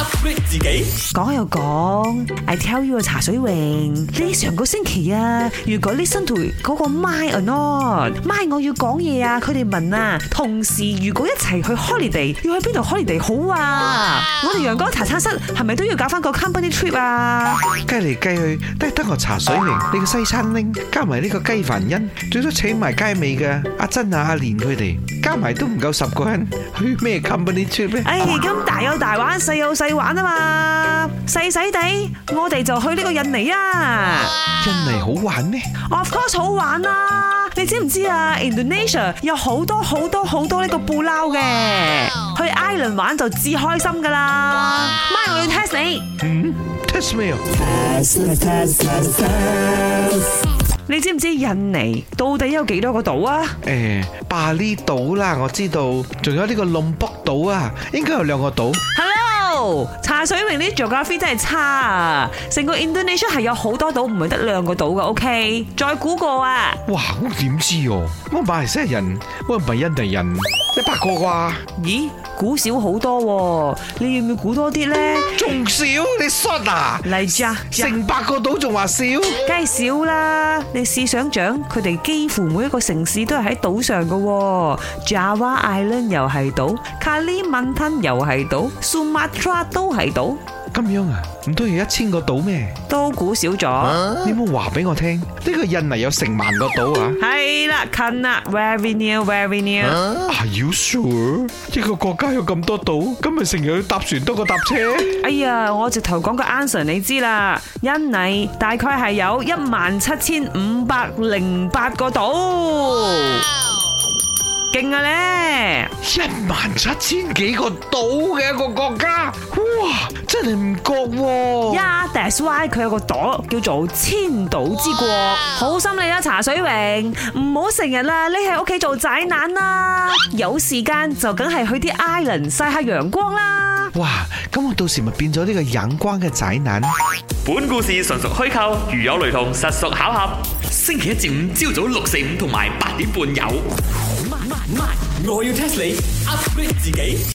update 自己，講又講，I tell you 個茶水榮，你上個星期啊，如果 listen to 嗰個 my or not，my 我要講嘢啊，佢哋問啊，同時如果一齊去 holiday，要去邊度 holiday 好啊？我哋陽光茶餐室係咪都要搞翻個 company trip 啊？計嚟計去都係得我茶水榮，你個西餐拎，加埋呢個雞飯欣，最多請埋街尾嘅阿珍啊、阿蓮佢哋，加埋都唔夠十個人，去咩 company trip 咩？哎，咁大有大玩，細有細。細玩啊嘛，細細地，我哋就去呢個印尼啊！印尼好玩咩？Of course 好玩啊！你知唔知啊？Indonesia 有好多好多好多呢個布撈嘅，去 island 玩就至開心噶啦！媽，我要 test 你。嗯，test me。你知唔知印尼到底有幾多個島啊？誒，巴厘島啦，我知道，仲有呢個龍博島啊，應該有兩個島。茶水明呢座咖啡真係差啊整是！成個 Indonesia 係有好多島，唔係得兩個島嘅。OK，再估過啊！哇，我點知喎？我唔係西人，我唔係印尼人，一百個啩？咦？估少好多，你要唔要估多啲咧？仲少？你失啊？嚟咋，成百個島仲話少，梗係少啦！你試想想，長佢哋幾乎每一個城市都係喺島上嘅，Java Island 又係島，Kalimantan 又係島，Sumatra 都係島。咁樣啊？唔通要一千個島咩？都估少咗。你有冇話俾我聽，呢個印尼有成萬個島啊！係啦，近啦，very near，very near。Are you sure？一個國家有咁多島，咁咪成日要搭船多過搭車？哎呀，我直頭講個 answer，你知啦。印尼大概係有一萬七千五百零八個島，勁啊咧！一萬七千幾個島嘅一個國家。真係唔覺，呀！That's why 佢有個朵叫做千島之國，Wow. 好心你啊，茶水榮，唔好成日啦，匿喺屋企做宅男啦，有時間就梗係去啲 Island 曬下陽光啦！哇！咁我到時咪變咗呢個隱居嘅宅男。本故事純屬虛構，如有雷同，實屬巧合。星期一至五朝早六四五同埋八點半有。Oh, my, my, my. 我要 test 你，upgrade 自己。